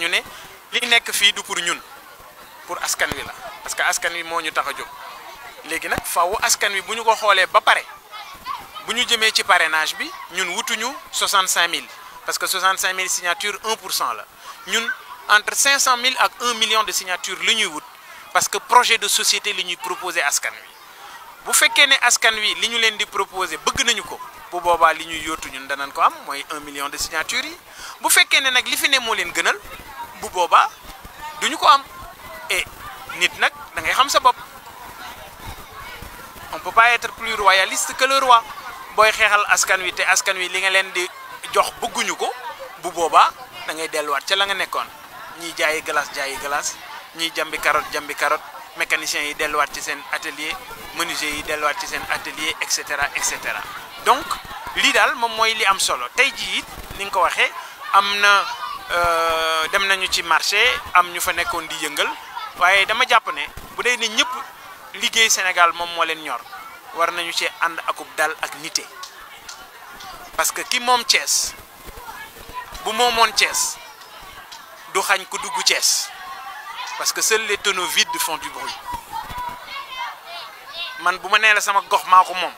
ñu ne li nekk fi du pour ñun pour askan parce que askan wi moo ñu tax légui nak léegi askan wi buñu ko xolé ba paré buñu ñu ci parrainage bi ñun wutuñu 65000 parce que 65000 signatures 1 1%. la ñun entre 500000 ak 1 million de signatures, li ñuy wut parce que projet de société li ñuy proposé askan wi bu fekké né askan wi li ñu leen di proposer bëgg nañu ko bu boba li ñuy ko am 1 million de signatures. yi bu fekké né nak li fi né leen gënal bu boba duñu ko am et eh, nit nak, da ngay xam sa bop on peut pas être plus royaliste que le roi boy xéxal askan wi té askan wi li nga len di jox bëgguñu ko bu boba da ngay wat ci la nga nekkoon ñi jaay glace jaay glace ñi jambi carotte jambi carotte mécanicien yi wat ci sen atelier menuisier yi wat ci sen atelier et cetera et cetera donc li dal mom moy li am solo tay ji it ni nga waxé amna Euh, dem nañu ci marché am ñu fa nekkoon di yëngal waaye dama jàpp ne bu dee ni ñëpp liggéey Sénégal moom moo leen ñor war nañu ci ànd akub dal ak nité parce que ki moom Thiès bu moomoon Thiès du xañ ku dugg Thiès parce que seul les tonneaux vides font du bruit man bu ma nee la sama gox maa ko moom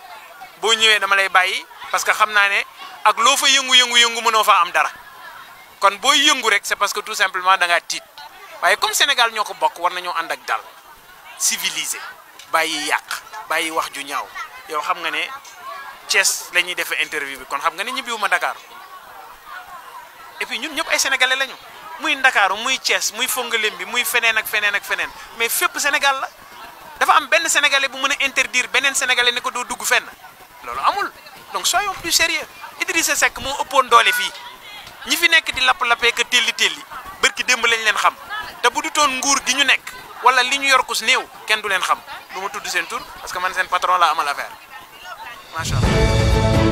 boo ñëwee dama lay bàyyi parce que xam naa ne ak loo fa yëngu-yëngu-yëngu mënoo faa am dara kon boy yëngu rek c'est parce que tout simplement da nga tiit waye comme Sénégal ñoko ko bokk war nañoo and ak dal civilisé bàyyi yàq bàyyi wax ju ñaaw yow xam nga né Thiès lañuy défé interview bi kon xam nga ne ñibbiwuma Dakar et puis ñun ñep ay sénégalais lañu muy dakar muy Thiès muy Fongolim bi muy fenen ak fenen ak fenen mais fep Sénégal la dafa am benn sénégalais bu mëna interdire benen sénégalais né ko do dugg fenn lolu amul donc soyons plus sérieux Idrissa Seck mo ëppoon doole fii. ñi fi nekk di lapp-lappee ka telli telli ki démb lañ leen xam te bu du toon nguur gi ñu nekk wala li ñu yor kus néew kenn du leen xam du ma tudd seen tur parce que man seen patron laa amal affaire macha